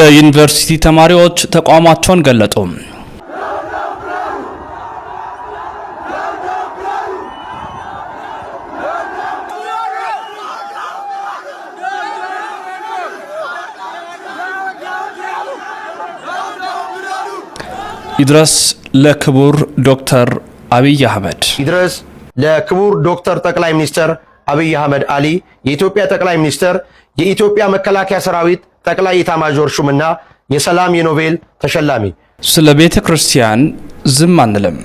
የዩኒቨርሲቲ ተማሪዎች ተቋማቸውን ገለጡ። ይድረስ ለክቡር ዶክተር አብይ አህመድ ይድረስ ለክቡር ዶክተር ጠቅላይ ሚኒስትር አብይ አህመድ አሊ የኢትዮጵያ ጠቅላይ ሚኒስትር የኢትዮጵያ መከላከያ ሰራዊት ጠቅላይ ኢታማዦር ሹምና የሰላም የኖቤል ተሸላሚ። ስለ ቤተ ክርስቲያን ዝም አንልም።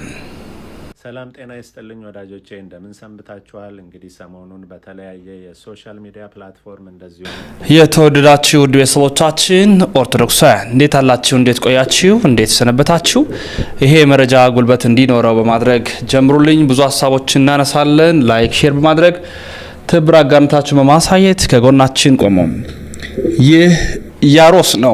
ሰላም ጤና ይስጥልኝ ወዳጆቼ፣ እንደምን ሰንብታችኋል? እንግዲህ ሰሞኑን በተለያየ የሶሻል ሚዲያ ፕላትፎርም እንደዚሁ የተወደዳችሁ ውድ ቤተሰቦቻችን ኦርቶዶክሳውያን እንዴት አላችሁ? እንዴት ቆያችሁ? እንዴት ሰነበታችሁ? ይሄ መረጃ ጉልበት እንዲኖረው በማድረግ ጀምሩልኝ። ብዙ ሀሳቦች እናነሳለን። ላይክ ሼር በማድረግ ትብር አጋርነታችሁን በማሳየት ከጎናችን ቆሙም። ይህ ያሮስ ነው።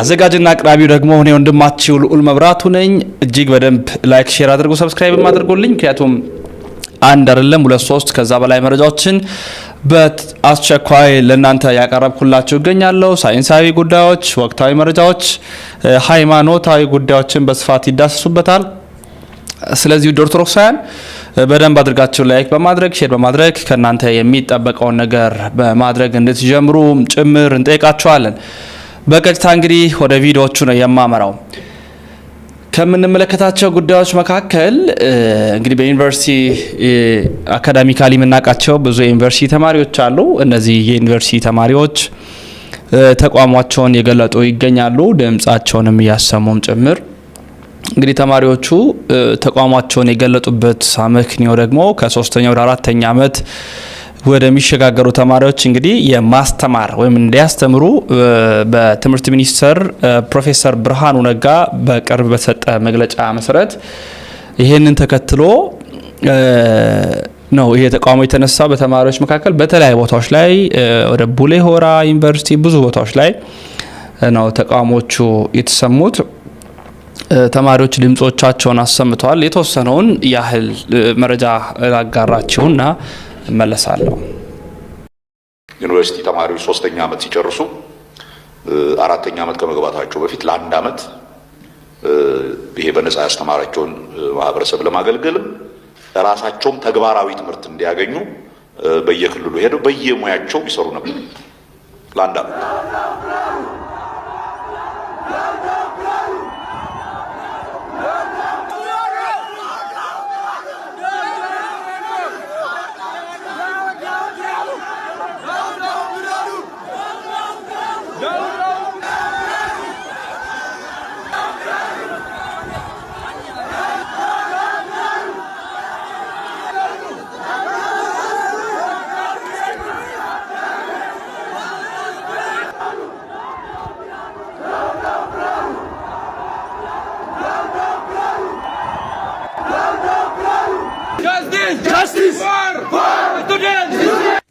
አዘጋጅና አቅራቢው ደግሞ እኔ ወንድማችሁ ልዑል መብራቱ ነኝ። እጅግ በደንብ ላይክ፣ ሼር አድርጉ፣ ሰብስክራይብም አድርጉልኝ። ምክንያቱም አንድ አይደለም ሁለት ሶስት ከዛ በላይ መረጃዎችን በአስቸኳይ ለእናንተ ያቀረብኩላችሁ እገኛለሁ። ሳይንሳዊ ጉዳዮች፣ ወቅታዊ መረጃዎች፣ ሃይማኖታዊ ጉዳዮችን በስፋት ይዳሰሱበታል። ስለዚህ ውድ ኦርቶዶክሳውያን በደንብ አድርጋችሁ ላይክ በማድረግ ሼር በማድረግ ከእናንተ የሚጠበቀውን ነገር በማድረግ እንድትጀምሩ ጭምር እንጠይቃችኋለን። በቀጥታ እንግዲህ ወደ ቪዲዮዎቹ ነው የማመራው። ከምንመለከታቸው ጉዳዮች መካከል እንግዲህ በዩኒቨርሲቲ አካዳሚካሊ የምናውቃቸው ብዙ የዩኒቨርሲቲ ተማሪዎች አሉ። እነዚህ የዩኒቨርሲቲ ተማሪዎች ተቋማቸውን የገለጡ ይገኛሉ። ድምጻቸውንም እያሰሙም ጭምር እንግዲህ ተማሪዎቹ ተቋማቸውን የገለጡበት አመክንዮ ደግሞ ከሶስተኛ ወደ አራተኛ ዓመት ወደሚሸጋገሩ ተማሪዎች እንግዲህ የማስተማር ወይም እንዲያስተምሩ በትምህርት ሚኒስቴር ፕሮፌሰር ብርሃኑ ነጋ በቅርብ በተሰጠ መግለጫ መሰረት ይህንን ተከትሎ ነው ይሄ ተቃውሞ የተነሳው። በተማሪዎች መካከል በተለያዩ ቦታዎች ላይ ወደ ቡሌ ሆራ ዩኒቨርሲቲ ብዙ ቦታዎች ላይ ነው ተቃውሞቹ የተሰሙት። ተማሪዎች ድምጾቻቸውን አሰምተዋል። የተወሰነውን ያህል መረጃ ላጋራችሁና እመለሳለሁ። ዩኒቨርሲቲ ተማሪዎች ሶስተኛ ዓመት ሲጨርሱ አራተኛ ዓመት ከመግባታቸው በፊት ለአንድ ዓመት ይሄ በነጻ ያስተማራቸውን ማህበረሰብ ለማገልገልም ራሳቸውም ተግባራዊ ትምህርት እንዲያገኙ በየክልሉ ሄደው በየሙያቸው ይሰሩ ነበር ለአንድ ዓመት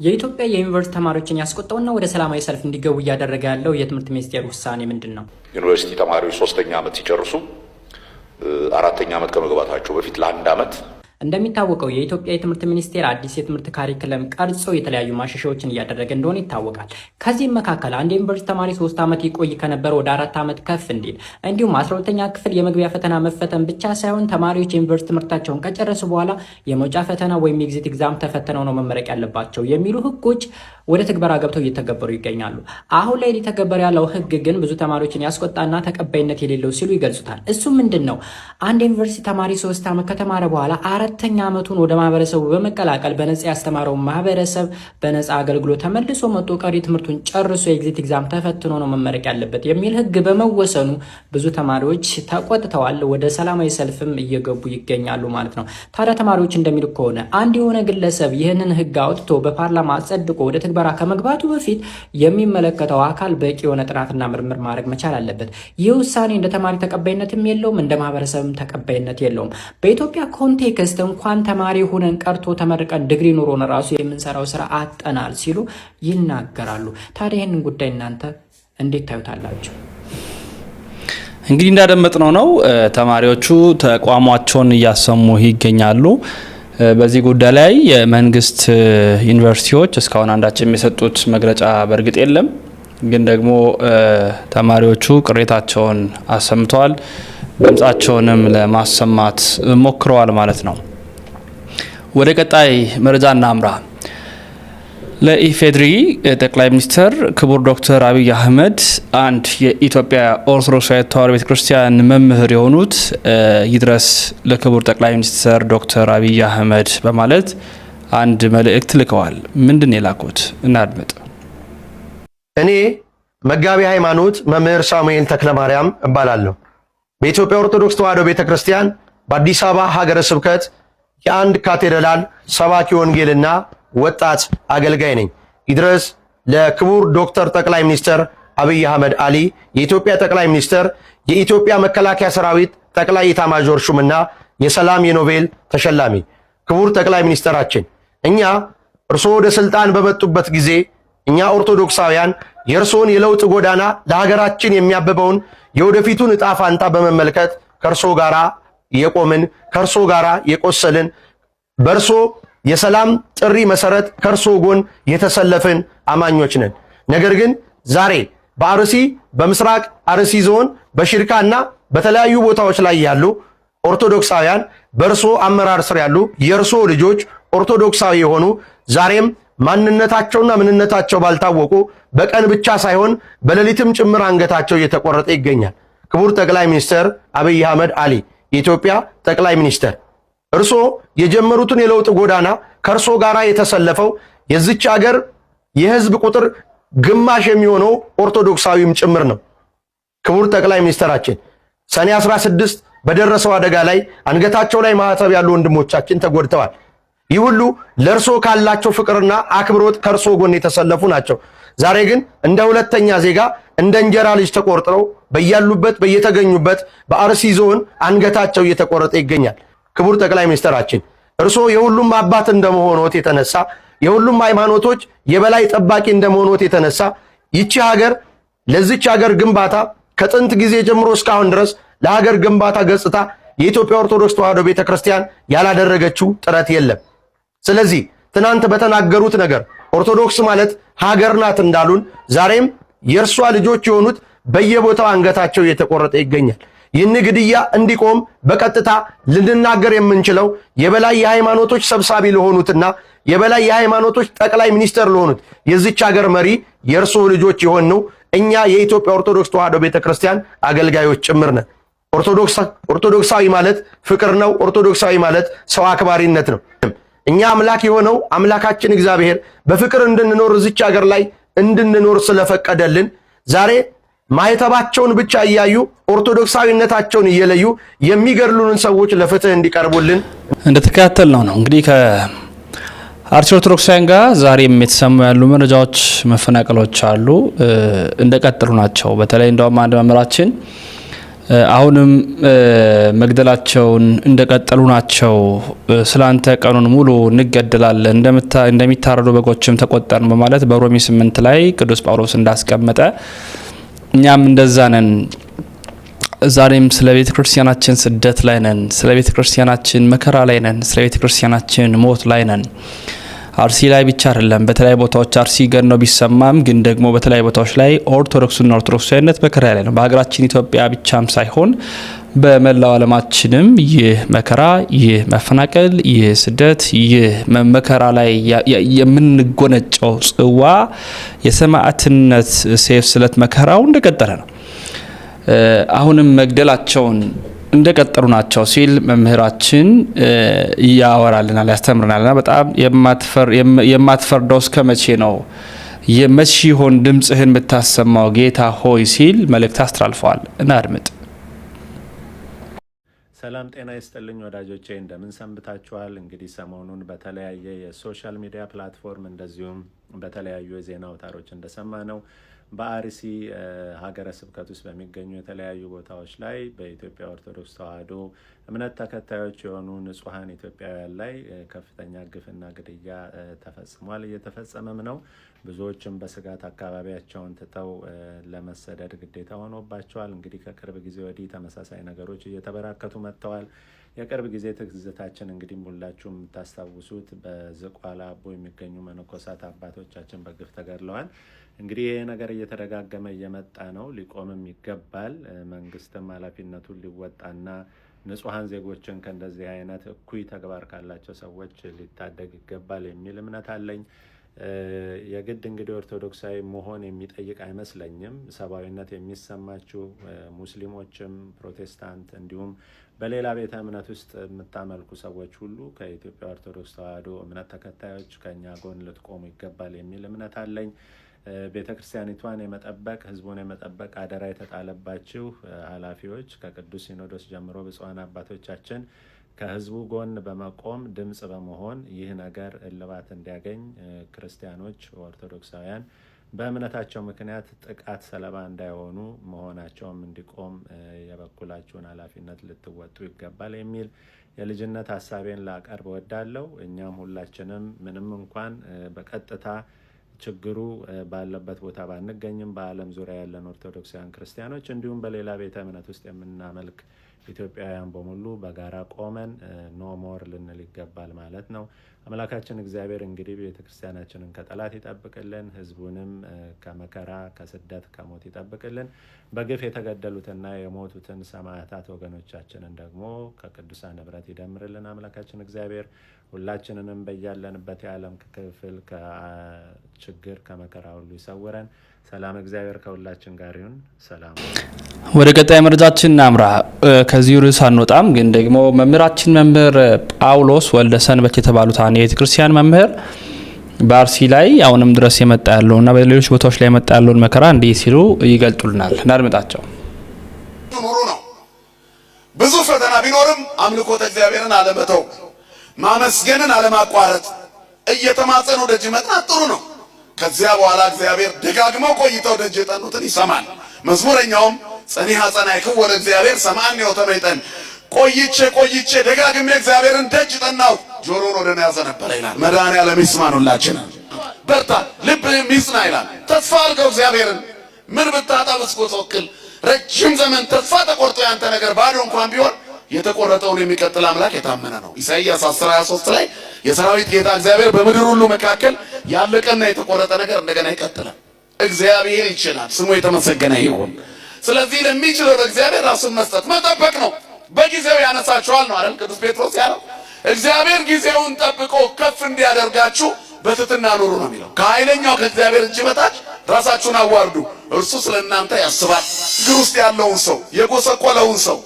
የኢትዮጵያ የዩኒቨርሲቲ ተማሪዎችን ያስቆጣውና ወደ ሰላማዊ ሰልፍ እንዲገቡ እያደረገ ያለው የትምህርት ሚኒስቴር ውሳኔ ምንድን ነው? ዩኒቨርሲቲ ተማሪዎች ሶስተኛ ዓመት ሲጨርሱ አራተኛ ዓመት ከመግባታቸው በፊት ለአንድ ዓመት እንደሚታወቀው የኢትዮጵያ የትምህርት ሚኒስቴር አዲስ የትምህርት ካሪክለም ቀርጾ የተለያዩ ማሻሻያዎችን እያደረገ እንደሆነ ይታወቃል። ከዚህም መካከል አንድ ዩኒቨርሲቲ ተማሪ ሶስት ዓመት ይቆይ ከነበረ ወደ አራት ዓመት ከፍ እንዲል እንዲሁም አስራ ሁለተኛ ክፍል የመግቢያ ፈተና መፈተን ብቻ ሳይሆን ተማሪዎች የዩኒቨርሲቲ ትምህርታቸውን ከጨረሱ በኋላ የመውጫ ፈተና ወይም ኤግዚት ኤግዛም ተፈተነው ነው መመረቅ ያለባቸው የሚሉ ህጎች ወደ ትግበራ ገብተው እየተገበሩ ይገኛሉ። አሁን ላይ እየተገበረ ያለው ህግ ግን ብዙ ተማሪዎችን ያስቆጣና ተቀባይነት የሌለው ሲሉ ይገልጹታል። እሱ ምንድን ነው? አንድ ዩኒቨርሲቲ ተማሪ ሶስት ዓመት ከተማረ በኋላ አራተኛ ዓመቱን ወደ ማህበረሰቡ በመቀላቀል በነጻ ያስተማረውን ማህበረሰብ በነፃ አገልግሎት ተመልሶ መጥቶ ቀሪ ትምህርቱን ጨርሶ የኤግዚት ኤግዛም ተፈትኖ ነው መመረቅ ያለበት የሚል ህግ በመወሰኑ ብዙ ተማሪዎች ተቆጥተዋል። ወደ ሰላማዊ ሰልፍም እየገቡ ይገኛሉ ማለት ነው። ታዲያ ተማሪዎች እንደሚል ከሆነ አንድ የሆነ ግለሰብ ይህንን ህግ አውጥቶ በፓርላማ ጸድቆ ወደ ትግበራ ከመግባቱ በፊት የሚመለከተው አካል በቂ የሆነ ጥናትና ምርምር ማድረግ መቻል አለበት። ይህ ውሳኔ እንደ ተማሪ ተቀባይነትም የለውም፣ እንደ ማህበረሰብም ተቀባይነት የለውም። በኢትዮጵያ ኮንቴክስት እንኳን ተማሪ ሆነን ቀርቶ ተመርቀን ዲግሪ ኑሮን ራሱ የምንሰራው ስራ አጠናል ሲሉ ይናገራሉ። ታዲያ ይህንን ጉዳይ እናንተ እንዴት ታዩታላችሁ? እንግዲህ እንዳደመጥነው ነው ተማሪዎቹ ተቋሟቸውን እያሰሙ ይገኛሉ። በዚህ ጉዳይ ላይ የመንግስት ዩኒቨርሲቲዎች እስካሁን አንዳች የሚሰጡት መግለጫ በእርግጥ የለም። ግን ደግሞ ተማሪዎቹ ቅሬታቸውን አሰምተዋል። ድምጻቸውንም ለማሰማት ሞክረዋል ማለት ነው። ወደ ቀጣይ መረጃ እናምራ። ለኢፌድሪ ጠቅላይ ሚኒስትር ክቡር ዶክተር አብይ አህመድ አንድ የኢትዮጵያ ኦርቶዶክሳዊት ተዋሕዶ ቤተ ክርስቲያን መምህር የሆኑት ይድረስ ለክቡር ጠቅላይ ሚኒስትር ዶክተር አብይ አህመድ በማለት አንድ መልእክት ልከዋል። ምንድን የላኩት እናድምጥ። እኔ መጋቢ ሃይማኖት መምህር ሳሙኤል ተክለ ማርያም እባላለሁ። በኢትዮጵያ ኦርቶዶክስ ተዋሕዶ ቤተ ክርስቲያን በአዲስ አበባ ሀገረ ስብከት የአንድ ካቴድራል ሰባኪ ወንጌልና ወጣት አገልጋይ ነኝ። ይድረስ ለክቡር ዶክተር ጠቅላይ ሚኒስትር አብይ አህመድ አሊ የኢትዮጵያ ጠቅላይ ሚኒስትር፣ የኢትዮጵያ መከላከያ ሰራዊት ጠቅላይ ኢታማዦር ሹምና የሰላም የኖቤል ተሸላሚ ክቡር ጠቅላይ ሚኒስትራችን፣ እኛ እርስዎ ወደ ስልጣን በመጡበት ጊዜ እኛ ኦርቶዶክሳውያን የእርስዎን የለውጥ ጎዳና ለሀገራችን የሚያብበውን የወደፊቱን እጣ ፋንታ በመመልከት ከእርሶ ጋራ የቆምን ከእርሶ ጋራ የቆሰልን በእርሶ የሰላም ጥሪ መሰረት ከእርሶ ጎን የተሰለፍን አማኞች ነን። ነገር ግን ዛሬ በአርሲ በምስራቅ አርሲ ዞን በሽርካ እና በተለያዩ ቦታዎች ላይ ያሉ ኦርቶዶክሳውያን በእርሶ አመራር ስር ያሉ የእርሶ ልጆች ኦርቶዶክሳዊ የሆኑ ዛሬም ማንነታቸውና ምንነታቸው ባልታወቁ በቀን ብቻ ሳይሆን በሌሊትም ጭምር አንገታቸው እየተቆረጠ ይገኛል። ክቡር ጠቅላይ ሚኒስትር አብይ አህመድ አሊ የኢትዮጵያ ጠቅላይ ሚኒስትር እርሶ የጀመሩትን የለውጥ ጎዳና ከእርሶ ጋር የተሰለፈው የዚች አገር የህዝብ ቁጥር ግማሽ የሚሆነው ኦርቶዶክሳዊም ጭምር ነው። ክቡር ጠቅላይ ሚኒስትራችን ሰኔ 16 በደረሰው አደጋ ላይ አንገታቸው ላይ ማህተብ ያሉ ወንድሞቻችን ተጎድተዋል። ይህ ሁሉ ለእርሶ ካላቸው ፍቅርና አክብሮት ከእርሶ ጎን የተሰለፉ ናቸው። ዛሬ ግን እንደ ሁለተኛ ዜጋ እንደ እንጀራ ልጅ ተቆርጥረው በያሉበት በየተገኙበት በአርሲ ዞን አንገታቸው እየተቆረጠ ይገኛል። ክቡር ጠቅላይ ሚኒስትራችን እርስዎ የሁሉም አባት እንደመሆኖት የተነሳ የሁሉም ሃይማኖቶች የበላይ ጠባቂ እንደመሆኖት የተነሳ ይቺ ሀገር ለዚች ሀገር ግንባታ ከጥንት ጊዜ ጀምሮ እስካሁን ድረስ ለሀገር ግንባታ ገጽታ የኢትዮጵያ ኦርቶዶክስ ተዋሕዶ ቤተክርስቲያን ያላደረገችው ጥረት የለም። ስለዚህ ትናንት በተናገሩት ነገር ኦርቶዶክስ ማለት ሀገር ናት እንዳሉን ዛሬም የእርሷ ልጆች የሆኑት በየቦታው አንገታቸው እየተቆረጠ ይገኛል። ይህን ግድያ እንዲቆም በቀጥታ ልንናገር የምንችለው የበላይ የሃይማኖቶች ሰብሳቢ ለሆኑትና የበላይ የሃይማኖቶች ጠቅላይ ሚኒስትር ለሆኑት የዚች ሀገር መሪ የእርስዎ ልጆች የሆንነው እኛ የኢትዮጵያ ኦርቶዶክስ ተዋሕዶ ቤተክርስቲያን አገልጋዮች ጭምር ነን። ኦርቶዶክሳዊ ማለት ፍቅር ነው። ኦርቶዶክሳዊ ማለት ሰው አክባሪነት ነው። እኛ አምላክ የሆነው አምላካችን እግዚአብሔር በፍቅር እንድንኖር እዚች ሀገር ላይ እንድንኖር ስለፈቀደልን ዛሬ ማህተባቸውን ብቻ እያዩ ኦርቶዶክሳዊነታቸውን እየለዩ የሚገድሉንን ሰዎች ለፍትህ እንዲቀርቡልን እንደተከታተል ነው ነው እንግዲህ ከአርሲ ኦርቶዶክሳውያን ጋር ዛሬም የተሰሙ ያሉ መረጃዎች፣ መፈናቀሎች አሉ እንደቀጠሉ ናቸው። በተለይ እንደውም አንድ መምህራችን አሁንም መግደላቸውን እንደቀጠሉ ናቸው። ስላንተ ቀኑን ሙሉ እንገደላለን፣ እንደሚታረዱ በጎችም ተቆጠርን በማለት በሮሜ ስምንት ላይ ቅዱስ ጳውሎስ እንዳስቀመጠ እኛም እንደዛ ነን። ዛሬም ስለ ቤተ ክርስቲያናችን ስደት ላይ ነን። ስለ ቤተ ክርስቲያናችን መከራ ላይ ነን። ስለ ቤተ ክርስቲያናችን ሞት ላይ ነን። አርሲ ላይ ብቻ አይደለም። በተለያዩ ቦታዎች አርሲ ገኖ ቢሰማም ግን ደግሞ በተለያዩ ቦታዎች ላይ ኦርቶዶክስና ኦርቶዶክሳዊነት መከራ ላይ ነው። በሀገራችን ኢትዮጵያ ብቻም ሳይሆን በመላው ዓለማችንም ይህ መከራ፣ ይህ መፈናቀል፣ ይህ ስደት፣ ይህ መከራ ላይ የምንጎነጨው ጽዋ የሰማዕትነት ሴፍ ስለት መከራው እንደቀጠለ ነው። አሁንም መግደላቸውን እንደቀጠሩ ናቸው ሲል መምህራችን ያወራልናል፣ ያስተምርናልና በጣም የማትፈርደው እስከ መቼ ነው? የመቼ ይሆን ድምፅህን የምታሰማው ጌታ ሆይ ሲል መልእክት አስተላልፈዋል። እናድምጥ። ሰላም ጤና ይስጥልኝ ወዳጆቼ፣ እንደምን ሰንብታችኋል? እንግዲህ ሰሞኑን በተለያየ የሶሻል ሚዲያ ፕላትፎርም እንደዚሁም በተለያዩ የዜና አውታሮች እንደሰማ ነው በአርሲ ሀገረ ስብከት ውስጥ በሚገኙ የተለያዩ ቦታዎች ላይ በኢትዮጵያ ኦርቶዶክስ ተዋሕዶ እምነት ተከታዮች የሆኑ ንጹሐን ኢትዮጵያውያን ላይ ከፍተኛ ግፍና ግድያ ተፈጽሟል፣ እየተፈጸመም ነው። ብዙዎችም በስጋት አካባቢያቸውን ትተው ለመሰደድ ግዴታ ሆኖባቸዋል። እንግዲህ ከቅርብ ጊዜ ወዲህ ተመሳሳይ ነገሮች እየተበራከቱ መጥተዋል። የቅርብ ጊዜ ትዝታችን እንግዲህ ሁላችሁ የምታስታውሱት በዝቋላ አቦ የሚገኙ መነኮሳት አባቶቻችን በግፍ ተገድለዋል። እንግዲህ ይህ ነገር እየተደጋገመ እየመጣ ነው። ሊቆምም ይገባል። መንግስትም ኃላፊነቱን ሊወጣና ንጹሐን ዜጎችን ከእንደዚህ አይነት እኩይ ተግባር ካላቸው ሰዎች ሊታደግ ይገባል የሚል እምነት አለኝ። የግድ እንግዲህ ኦርቶዶክሳዊ መሆን የሚጠይቅ አይመስለኝም። ሰብአዊነት የሚሰማችሁ ሙስሊሞችም፣ ፕሮቴስታንት እንዲሁም በሌላ ቤተ እምነት ውስጥ የምታመልኩ ሰዎች ሁሉ ከኢትዮጵያ ኦርቶዶክስ ተዋሕዶ እምነት ተከታዮች ከእኛ ጎን ልትቆሙ ይገባል የሚል እምነት አለኝ። ቤተ ክርስቲያኒቷን የመጠበቅ ህዝቡን የመጠበቅ አደራ የተጣለባችሁ ኃላፊዎች ከቅዱስ ሲኖዶስ ጀምሮ ብፁዓን አባቶቻችን ከህዝቡ ጎን በመቆም ድምፅ በመሆን ይህ ነገር እልባት እንዲያገኝ ክርስቲያኖች ኦርቶዶክሳውያን በእምነታቸው ምክንያት ጥቃት ሰለባ እንዳይሆኑ መሆናቸውም እንዲቆም የበኩላችሁን ኃላፊነት ልትወጡ ይገባል የሚል የልጅነት ሀሳቤን ላቀርብ እወዳለሁ። እኛም ሁላችንም ምንም እንኳን በቀጥታ ችግሩ ባለበት ቦታ ባንገኝም በዓለም ዙሪያ ያለን ኦርቶዶክሳውያን ክርስቲያኖች እንዲሁም በሌላ ቤተ እምነት ውስጥ የምናመልክ ኢትዮጵያውያን በሙሉ በጋራ ቆመን ኖ ሞር ልንል ይገባል ማለት ነው። አምላካችን እግዚአብሔር እንግዲህ ቤተክርስቲያናችንን ከጠላት ይጠብቅልን፣ ህዝቡንም ከመከራ ከስደት ከሞት ይጠብቅልን። በግፍ የተገደሉትና የሞቱትን ሰማዕታት ወገኖቻችንን ደግሞ ከቅዱሳን ንብረት ይደምርልን። አምላካችን እግዚአብሔር ሁላችንንም በያለንበት የዓለም ክፍል ከችግር ከመከራ ሁሉ ይሰውረን። ሰላም እግዚአብሔር ከሁላችን ጋር ይሁን። ሰላም። ወደ ቀጣይ መረጃችን እናምራ። ከዚሁ ርዕስ አንወጣም፣ ግን ደግሞ መምህራችን መምህር ጳውሎስ ወልደ ሰንበት የተባሉት አንድ የቤተ ክርስቲያን መምህር በአርሲ ላይ አሁንም ድረስ የመጣ ያለውና በሌሎች ቦታዎች ላይ የመጣ ያለውን መከራ እንዲህ ሲሉ ይገልጡልናል። እናድምጣቸው። ኑሩ ነው ብዙ ፈተና ቢኖርም አምልኮተ እግዚአብሔርን አለመተው፣ ማመስገንን አለማቋረጥ፣ እየተማጸኑ ወደ መቅናት ጥሩ ነው ከዚያ በኋላ እግዚአብሔር ደጋግመው ቆይተው ደጅ የጠኑትን ይሰማል። መዝሙረኛውም ጸኒሐ ጸናዕክዎ ለእግዚአብሔር ሰምዐኒ ወተመይጠኒ፣ ቆይቼ ቆይቼ ደጋግሜ እግዚአብሔርን ደጅ ጠናሁ፣ ጆሮን ወደ እኔ አዘነበለ ይላል። መድኃኒዓለም ይስማን። ሁላችን በርታ፣ ልብህም ይጽና ይላል። ተስፋ አድርገው እግዚአብሔርን ምን ብታጣ ብስኮ ረጅም ዘመን ተስፋ ተቆርጦ ያንተ ነገር ባዶ እንኳን ቢሆን የተቆረጠውን የሚቀጥል አምላክ የታመነ ነው። ኢሳይያስ 10 23 ላይ የሰራዊት ጌታ እግዚአብሔር በምድር ሁሉ መካከል ያለቀና የተቆረጠ ነገር እንደገና ይቀጥላል። እግዚአብሔር ይችላል፣ ስሙ የተመሰገነ ይሁን። ስለዚህ ለሚችለው ለእግዚአብሔር ራሱን መስጠት መጠበቅ ነው። በጊዜው ያነሳችኋል ነው አይደል? ቅዱስ ጴጥሮስ ያለው እግዚአብሔር ጊዜውን ጠብቆ ከፍ እንዲያደርጋችሁ በትትና ኑሩ ነው የሚለው። ከኃይለኛው ከእግዚአብሔር እጅ በታች ራሳችሁን አዋርዱ፣ እርሱ ስለ እናንተ ያስባል። ግር ውስጥ ያለውን ሰው የጎሰቆለውን ሰው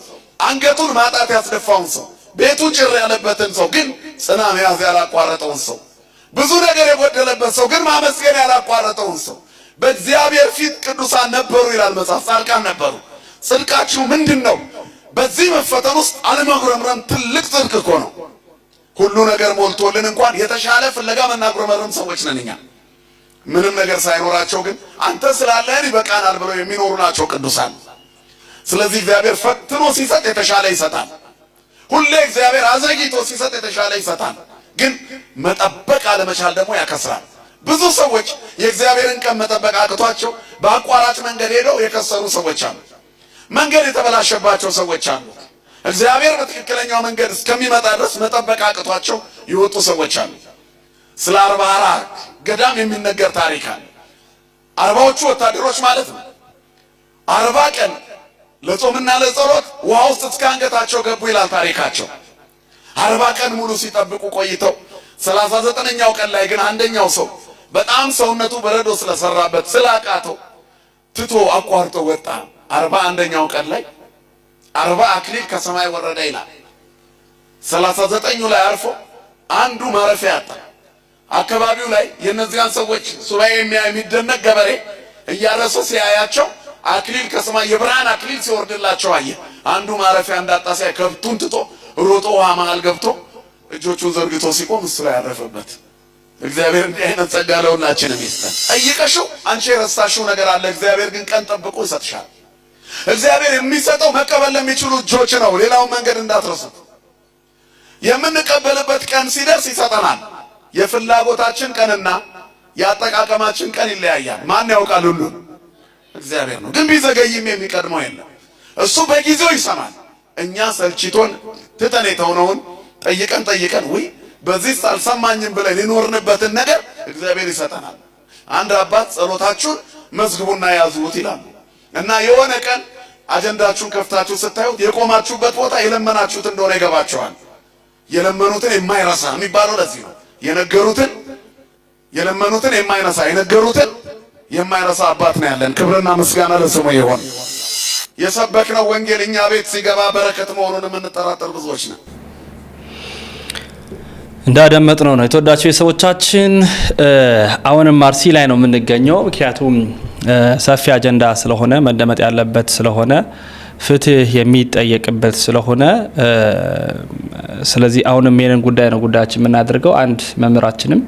አንገቱን ማጣት ያስደፋውን ሰው፣ ቤቱን ጭር ያለበትን ሰው ግን ጽና መያዝ ያላቋረጠውን ሰው፣ ብዙ ነገር የጎደለበት ሰው ግን ማመስገን ያላቋረጠውን ሰው በእግዚአብሔር ፊት ቅዱሳን ነበሩ ይላል መጽሐፍ። ጻድቃን ነበሩ። ጽድቃችሁ ምንድን ነው? በዚህ መፈተን ውስጥ አለመጉረምረም ትልቅ ጽድቅ እኮ ነው። ሁሉ ነገር ሞልቶልን እንኳን የተሻለ ፍለጋ መናጉረመረም ሰዎች ነን እኛ። ምንም ነገር ሳይኖራቸው ግን አንተ ስላለህን ይበቃናል ብለው የሚኖሩ ናቸው ቅዱሳን። ስለዚህ እግዚአብሔር ፈትኖ ሲሰጥ የተሻለ ይሰጣል። ሁሌ እግዚአብሔር አዘግይቶ ሲሰጥ የተሻለ ይሰጣል። ግን መጠበቅ አለመቻል ደግሞ ያከስራል። ብዙ ሰዎች የእግዚአብሔርን ቀን መጠበቅ አቅቷቸው በአቋራጭ መንገድ ሄደው የከሰሩ ሰዎች አሉ። መንገድ የተበላሸባቸው ሰዎች አሉ። እግዚአብሔር በትክክለኛው መንገድ እስከሚመጣ ድረስ መጠበቅ አቅቷቸው የወጡ ሰዎች አሉ። ስለ አርባ አራ ገዳም የሚነገር ታሪክ አለ። አርባዎቹ ወታደሮች ማለት ነው። አርባ ቀን ለጾምና ለጸሎት ውሃ ውስጥ እስከ አንገታቸው ገቡ ይላል ታሪካቸው። አርባ ቀን ሙሉ ሲጠብቁ ቆይተው ሰላሳ ዘጠነኛው ቀን ላይ ግን አንደኛው ሰው በጣም ሰውነቱ በረዶ ስለሰራበት ስላቃተው ትቶ አቋርጦ ወጣ። አርባ አንደኛው ቀን ላይ አርባ አክሊል ከሰማይ ወረደ ይላል። ሰላሳ ዘጠኙ ላይ አርፎ አንዱ ማረፊያ አጣ። አካባቢው ላይ የእነዚያን ሰዎች ሱባኤ የሚያ የሚደነቅ ገበሬ እያረሰ ሲያያቸው አክሊል ከሰማይ የብርሃን አክሊል ሲወርድላቸው አየ። አንዱ ማረፊያ እንዳጣ ሳይ ከብቱን ትቶ ሮጦ ውሃ መሃል ገብቶ እጆቹን ዘርግቶ ሲቆም እሱ ላይ ያረፈበት። እግዚአብሔር እንዲህ አይነት ጸጋ ለሁላችንም ይስጠን። ጠይቀሽው አንቺ የረሳሽው ነገር አለ፣ እግዚአብሔር ግን ቀን ጠብቆ ይሰጥሻል። እግዚአብሔር የሚሰጠው መቀበል ለሚችሉ እጆች ነው። ሌላውን መንገድ እንዳትረሱት። የምንቀበልበት ቀን ሲደርስ ይሰጠናል። የፍላጎታችን ቀንና የአጠቃቀማችን ቀን ይለያያል። ማን ያውቃል ሁሉን እግዚአብሔር ነው። ግን ቢዘገይም የሚቀድመው የለም። እሱ በጊዜው ይሰማል። እኛ ሰልችቶን ትተን የተውነውን ጠይቀን ጠይቀን ውይ በዚህ አልሰማኝም ብለን የኖርንበትን ነገር እግዚአብሔር ይሰጠናል። አንድ አባት ጸሎታችሁን መዝግቡና ያዙት ይላሉ እና የሆነ ቀን አጀንዳችሁን ከፍታችሁ ስታዩት የቆማችሁበት ቦታ የለመናችሁት እንደሆነ ይገባችኋል። የለመኑትን የማይረሳ የሚባለው ለዚህ ነው። የነገሩትን የለመኑትን የማይረሳ የነገሩትን የማይረሳ አባት ነው ያለን። ክብርና ምስጋና ለስሙ ይሆን። የሰበክነው ወንጌል እኛ ቤት ሲገባ በረከት መሆኑን የምንጠራጠር ብዙዎች ነው። እንዳደመጥ ነው ነው የተወዳቸው የሰዎቻችን አሁንም አርሲ ላይ ነው የምንገኘው። ምክንያቱም ሰፊ አጀንዳ ስለሆነ መደመጥ ያለበት ስለሆነ ፍትህ የሚጠየቅበት ስለሆነ ስለዚህ አሁንም ይህንን ጉዳይ ነው ጉዳያችን የምናደርገው አንድ መምህራችንም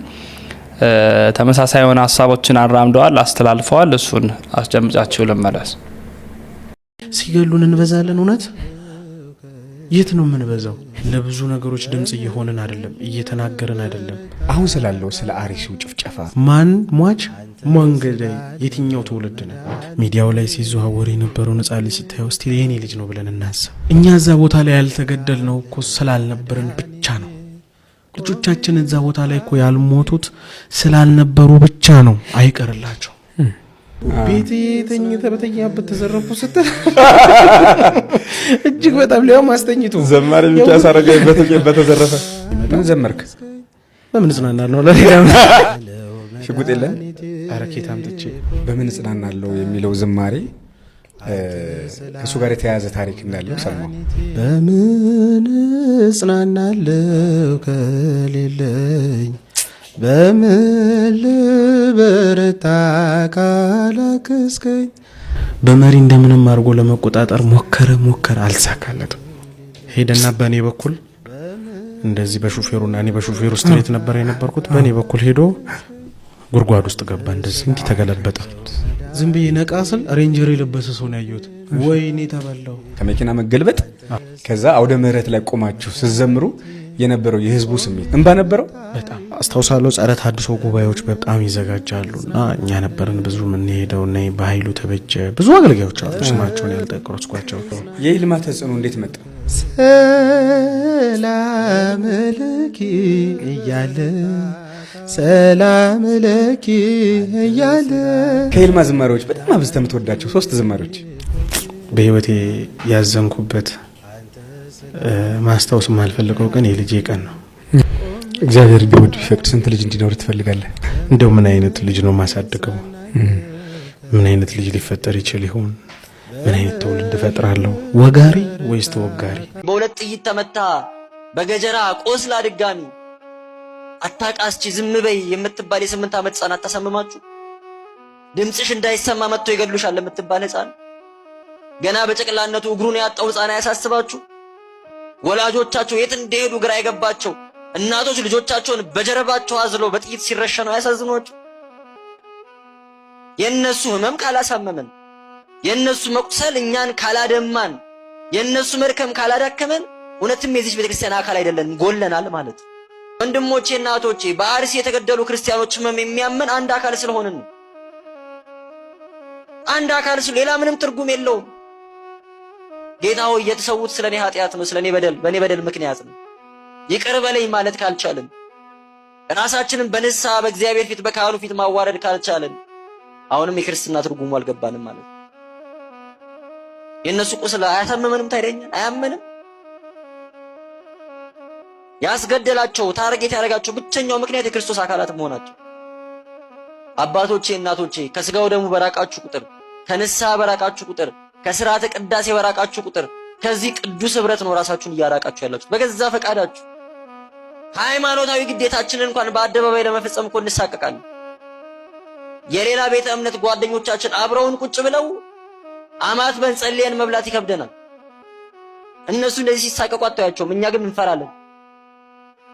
ተመሳሳይ የሆነ ሀሳቦችን አራምደዋል፣ አስተላልፈዋል። እሱን አስጨምጫችሁ ልመለስ። ሲገሉን እንበዛለን። እውነት የት ነው የምንበዛው? ለብዙ ነገሮች ድምፅ እየሆንን አይደለም፣ እየተናገርን አይደለም። አሁን ስላለው ስለ አሪሲው ጭፍጨፋ ማን ሟች ማን የትኛው ትውልድ ነው? ሚዲያው ላይ ሲዘዋወር የነበረው ነጻ ልጅ ስታየው ስቲል የኔ ልጅ ነው ብለን እናስብ። እኛ እዛ ቦታ ላይ ያልተገደልነው እኮ ስላልነበረን ብቻ ነው። ልጆቻችን እዛ ቦታ ላይ እኮ ያልሞቱት ስላልነበሩ ብቻ ነው። አይቀርላቸው ቤት የተኝተ በተኛበት ተዘረፉ ስትል እጅግ በጣም ሊያውም አስተኝቱ ዘማሪ ብቻ ሳረጋ በተዘረፈ ምን ዘመርክ? በምን እጽናናለሁ? ለሌላ ሽጉጥ የለም አረኬት አምጥቼ በምን እጽናናለሁ የሚለው ዝማሬ ከእሱ ጋር የተያያዘ ታሪክ እንዳለው ሰማ። በምን እጽናናለሁ ከሌለኝ በምን ልበረታ ካላከስከኝ። በመሪ እንደምንም አድርጎ ለመቆጣጠር ሞከረ ሞከረ፣ አልተሳካለትም። ሄደና በእኔ በኩል እንደዚህ በሹፌሩና እኔ በሹፌሩ ስትሬት ነበር የነበርኩት። በእኔ በኩል ሄዶ ጉድጓድ ውስጥ ገባ። እንደዚህ እንዲህ ተገለበጠ። ዝም ብዬ ነቃ ስል ሬንጀር የለበሰ ሰው ነው ያየሁት። ወይኔ ተበላው። ከመኪና መገልበጥ ከዛ አውደ ምህረት ላይ ቆማችሁ ስዘምሩ የነበረው የህዝቡ ስሜት እንባ ነበረው። በጣም አስታውሳለሁ። ጸረ ታድሶ ጉባኤዎች በጣም ይዘጋጃሉ እና እኛ ነበርን ብዙ የምንሄደው እና በኃይሉ ተበጀ ብዙ አገልጋዮች አሉ ስማቸውን ያልጠቀስኳቸው። የይልማ ተጽዕኖ እንዴት መጣ? ሰላም ልኪ እያለ ሰላም ለኪ እያለ ከይልማ ዝማሬዎች በጣም አብዝተህ የምትወዳቸው ሶስት ዝማሬዎች በህይወቴ ያዘንኩበት ማስታወስ የማልፈልገው ቀን የልጄ ቀን ነው። እግዚአብሔር ቢወድ ቢፈቅድ ስንት ልጅ እንዲኖር ትፈልጋለህ? እንደው ምን አይነት ልጅ ነው ማሳድገው? ምን አይነት ልጅ ሊፈጠር ይችል ይሆን? ምን አይነት ትውልድ እፈጥራለሁ? ወጋሪ ወይስ ተወጋሪ? በሁለት ጥይት ተመታ፣ በገጀራ ቆስላ ድጋሚ አታቃስቺ ዝም በይ የምትባል የስምንት ዓመት ህፃን አታሳምማችሁ? ድምፅሽ እንዳይሰማ መጥቶ ይገድሉሻል የምትባል ህፃን ገና በጨቅላነቱ እግሩን ያጣው ህፃን አያሳስባችሁ? ወላጆቻቸው የት እንደሄዱ ግራ የገባቸው እናቶች ልጆቻቸውን በጀርባቸው አዝለው በጥይት ሲረሸኑ አያሳዝኗችሁ የእነሱ ህመም ካላሳመመን፣ የእነሱ መቁሰል እኛን ካላደማን፣ የእነሱ መድከም ካላዳከመን እውነትም የዚች ቤተክርስቲያን አካል አይደለንም፣ ጎለናል ማለት ነው። ወንድሞቼ እናቶቼ በአርሲ የተገደሉ ክርስቲያኖች ህመም የሚያመን አንድ አካል ስለሆንን ነው። አንድ አካል ስለ ሌላ ምንም ትርጉም የለውም። ጌታ ሆይ የተሰዉት ስለኔ እኔ ኃጢአት ነው፣ ስለኔ በደል በኔ በደል ምክንያት ነው። ይቅር በለኝ ማለት ካልቻልን፣ ራሳችንን በንስሐ በእግዚአብሔር ፊት በካህኑ ፊት ማዋረድ ካልቻልን፣ አሁንም የክርስትና ትርጉሙ አልገባንም ማለት ነው። የእነሱ ቁስል አያሳምመንም ታይደኛል አያመንም ያስገደላቸው ታርጌት ያደረጋቸው ብቸኛው ምክንያት የክርስቶስ አካላት መሆናቸው። አባቶቼ እናቶቼ፣ ከስጋው ደሙ በራቃችሁ ቁጥር፣ ከንስሐ በራቃችሁ ቁጥር፣ ከስርዓተ ቅዳሴ በራቃችሁ ቁጥር ከዚህ ቅዱስ ህብረት ነው ራሳችሁን እያራቃችሁ ያላችሁ በገዛ ፈቃዳችሁ። ሃይማኖታዊ ግዴታችንን እንኳን በአደባባይ ለመፈጸም እኮ እንሳቀቃለን። የሌላ ቤተ እምነት ጓደኞቻችን አብረውን ቁጭ ብለው አማት በንጸልየን መብላት ይከብደናል። እነሱ እንደዚህ ሲሳቀቁ አታያቸውም። እኛ ግን እንፈራለን።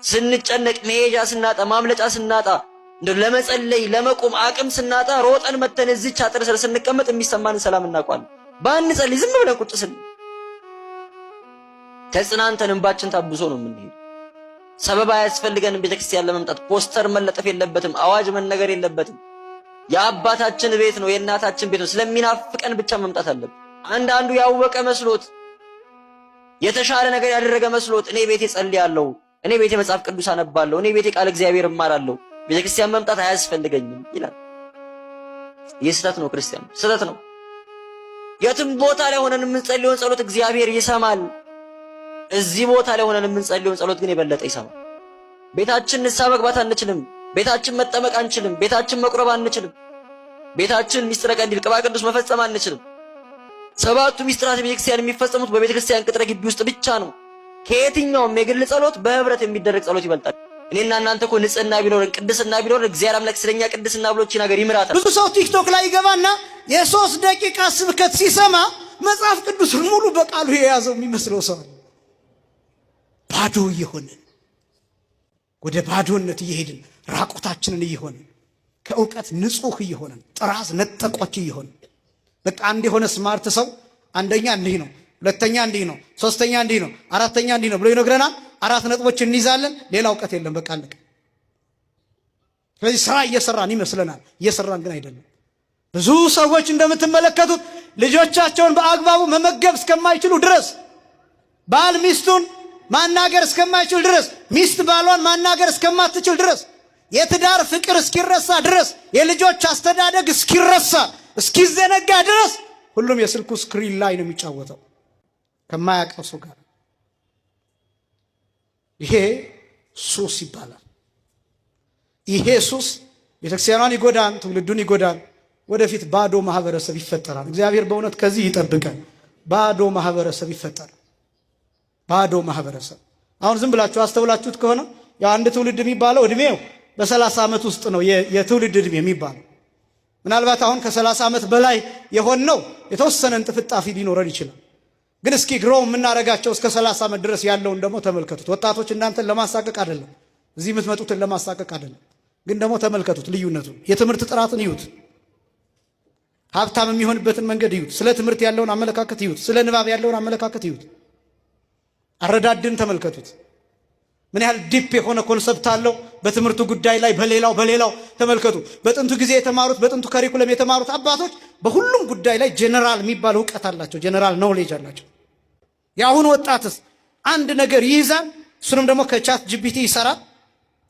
ስንጨነቅ መሄጃ ስናጣ ማምለጫ ስናጣ እንደ ለመጸለይ ለመቆም አቅም ስናጣ ሮጠን መተን እዚች አጥር ስር ስንቀመጥ የሚሰማንን ሰላም እናውቋለን። ባንጸልይ ዝም ብለን ቁጭ ስል ተጽናንተን እንባችን ታብሶ ነው የምንሄድ። ሰበብ አያስፈልገንም። ቤተክርስቲያን ለመምጣት ፖስተር መለጠፍ የለበትም። አዋጅ መነገር የለበትም። የአባታችን ቤት ነው፣ የእናታችን ቤት ነው። ስለሚናፍቀን ብቻ መምጣት አለብን። አንዳንዱ ያወቀ መስሎት የተሻለ ነገር ያደረገ መስሎት እኔ ቤቴ ጸልያለሁ እኔ ቤቴ መጽሐፍ ቅዱስ አነባለሁ፣ እኔ ቤቴ ቃል እግዚአብሔር እማራለሁ፣ ቤተክርስቲያን መምጣት አያስፈልገኝም ይላል። ይህ ስህተት ነው። ክርስቲያን ስህተት ነው። የትም ቦታ ላይ ሆነን የምንጸልየውን ጸሎት እግዚአብሔር ይሰማል። እዚህ ቦታ ላይ ሆነን የምንጸልየውን ጸሎት ግን የበለጠ ይሰማል። ቤታችን ንስሐ መግባት አንችልም። ቤታችን መጠመቅ አንችልም። ቤታችን መቁረብ አንችልም። ቤታችን ሚስጥረ ቀንዲል፣ ቅባ ቅዱስ መፈጸም አንችልም። ሰባቱ ሚስጥራት ቤተክርስቲያን የሚፈጸሙት በቤተክርስቲያን ቅጥረ ግቢ ውስጥ ብቻ ነው። ከየትኛውም የግል ጸሎት በህብረት የሚደረግ ጸሎት ይበልጣል። እኔና እናንተ እኮ ንጽህና ቢኖርን ቅድስና ቢኖርን እግዚአብሔር አምላክ ስለኛ ቅድስና ብሎችን ሀገር ይምራታል። ብዙ ሰው ቲክቶክ ላይ ይገባና የሶስት ደቂቃ ስብከት ሲሰማ መጽሐፍ ቅዱስን ሙሉ በቃሉ የያዘው የሚመስለው ሰው ባዶ እየሆንን ወደ ባዶነት እየሄድን ራቁታችንን እየሆንን ከእውቀት ንጹህ እየሆንን ጥራዝ ነጠቆች እየሆንን በቃ አንድ የሆነ ስማርት ሰው አንደኛ እንዲህ ነው ሁለተኛ እንዲህ ነው፣ ሶስተኛ እንዲህ ነው፣ አራተኛ እንዲህ ነው ብሎ ይነግረናል። አራት ነጥቦች እንይዛለን። ሌላ እውቀት የለም። በቃ አለቀ። ስለዚህ ስራ እየሰራን ይመስለናል፣ እየሰራን ግን አይደለም። ብዙ ሰዎች እንደምትመለከቱት ልጆቻቸውን በአግባቡ መመገብ እስከማይችሉ ድረስ፣ ባል ሚስቱን ማናገር እስከማይችል ድረስ፣ ሚስት ባሏን ማናገር እስከማትችል ድረስ፣ የትዳር ፍቅር እስኪረሳ ድረስ፣ የልጆች አስተዳደግ እስኪረሳ እስኪዘነጋ ድረስ ሁሉም የስልኩ ስክሪን ላይ ነው የሚጫወተው። ከማያውቀው ሰው ጋር ይሄ ሱስ ይባላል። ይሄ ሱስ ቤተክርስቲያኗን ይጎዳን፣ ትውልዱን ይጎዳን። ወደፊት ባዶ ማህበረሰብ ይፈጠራል። እግዚአብሔር በእውነት ከዚህ ይጠብቀን። ባዶ ማህበረሰብ ይፈጠራል። ባዶ ማህበረሰብ አሁን ዝም ብላችሁ አስተውላችሁት ከሆነ ያው አንድ ትውልድ የሚባለው እድሜው በሰላሳ ዓመት ውስጥ ነው የትውልድ እድሜ የሚባለው። ምናልባት አሁን ከሰላሳ ዓመት በላይ የሆን ነው የተወሰነ እንጥፍጣፊ ሊኖረን ይችላል። ግን እስኪ ግሮው የምናደርጋቸው እስከ ሰላሳ ዓመት ድረስ ያለውን ደግሞ ተመልከቱት። ወጣቶች እናንተን ለማሳቀቅ አይደለም፣ እዚህ የምትመጡትን ለማሳቀቅ አይደለም። ግን ደግሞ ተመልከቱት ልዩነቱን፣ የትምህርት ጥራትን እዩት፣ ሀብታም የሚሆንበትን መንገድ እዩት፣ ስለ ትምህርት ያለውን አመለካከት እዩት፣ ስለ ንባብ ያለውን አመለካከት እዩት፣ አረዳድን ተመልከቱት። ምን ያህል ዲፕ የሆነ ኮንሰፕት አለው በትምህርቱ ጉዳይ ላይ በሌላው በሌላው ተመልከቱ። በጥንቱ ጊዜ የተማሩት በጥንቱ ከሪኩለም የተማሩት አባቶች በሁሉም ጉዳይ ላይ ጀነራል የሚባል እውቀት አላቸው፣ ጀነራል ኖሌጅ አላቸው። የአሁኑ ወጣትስ አንድ ነገር ይይዛል፣ እሱንም ደግሞ ከቻት ጂፒቲ ይሰራል።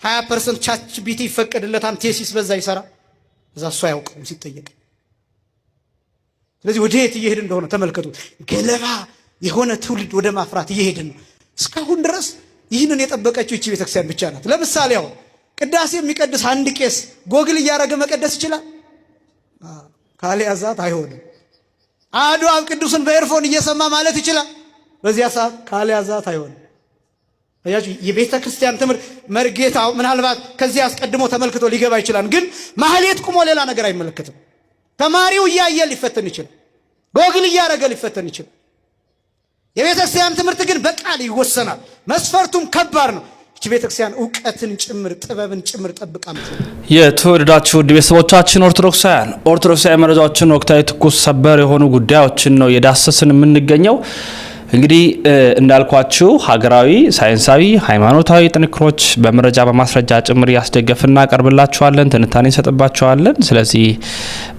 20 ፐርሰንት ቻት ጂፒቲ ይፈቀድለታል፣ ቴሲስ በዛ ይሰራ፣ እዛ እሱ አያውቀውም ሲጠየቅ። ስለዚህ ወደ የት እንደሆነ ተመልከቱ። ገለባ የሆነ ትውልድ ወደ ማፍራት እየሄድን ነው እስካሁን ድረስ ይህንን የጠበቀችው ይቺ ቤተክርስቲያን ብቻ ናት። ለምሳሌ አሁን ቅዳሴ የሚቀድስ አንድ ቄስ ጎግል እያደረገ መቀደስ ይችላል? ካልያዛት አይሆንም። አዶ አብ ቅዱስን በኤርፎን እየሰማ ማለት ይችላል? በዚያ ሰዓት ካልያዛት አይሆንም። ያች የቤተ ክርስቲያን ትምህርት መርጌታው ምናልባት ከዚህ አስቀድሞ ተመልክቶ ሊገባ ይችላል። ግን ማህሌት ቁሞ ሌላ ነገር አይመለከትም። ተማሪው እያየ ሊፈተን ይችላል። ጎግል እያደረገ ሊፈተን ይችላል። የቤተክርስቲያን ትምህርት ግን በቃል ይወሰናል። መስፈርቱም ከባድ ነው። ይቺ ቤተክርስቲያን እውቀትን ጭምር ጥበብን ጭምር ጠብቃ የተወደዳችሁ ውድ ቤተሰቦቻችን ኦርቶዶክሳውያን ኦርቶዶክሳዊ መረጃዎችን ወቅታዊ፣ ትኩስ፣ ሰበር የሆኑ ጉዳዮችን ነው የዳሰስን የምንገኘው። እንግዲህ እንዳልኳችሁ ሀገራዊ፣ ሳይንሳዊ፣ ሃይማኖታዊ ጥንክሮች በመረጃ በማስረጃ ጭምር ያስደገፍና ቀርብላችኋለን፣ ትንታኔ እንሰጥባችኋለን። ስለዚህ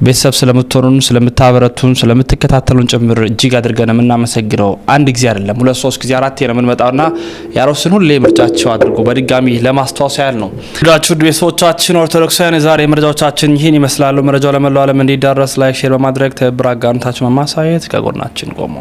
ቤተሰብ ስለምትሆኑን፣ ስለምታበረቱን፣ ስለምትከታተሉን ጭምር እጅግ አድርገን የምናመሰግነው አንድ ጊዜ አይደለም ሁለት ሶስት ጊዜ አራት ነው ና ያሮስን ሁሌ ምርጫቸው አድርጎ በድጋሚ ለማስታወስ ያህል ነው ዳችሁ ቤተሰቦቻችን ኦርቶዶክሳውያን የዛሬ መረጃዎቻችን ይህን ይመስላሉ። መረጃው ለመላው ዓለም እንዲዳረስ ላይክ፣ ሼር በማድረግ ትብብር አጋርነታችሁን በማሳየት ከጎናችን ቆሙ።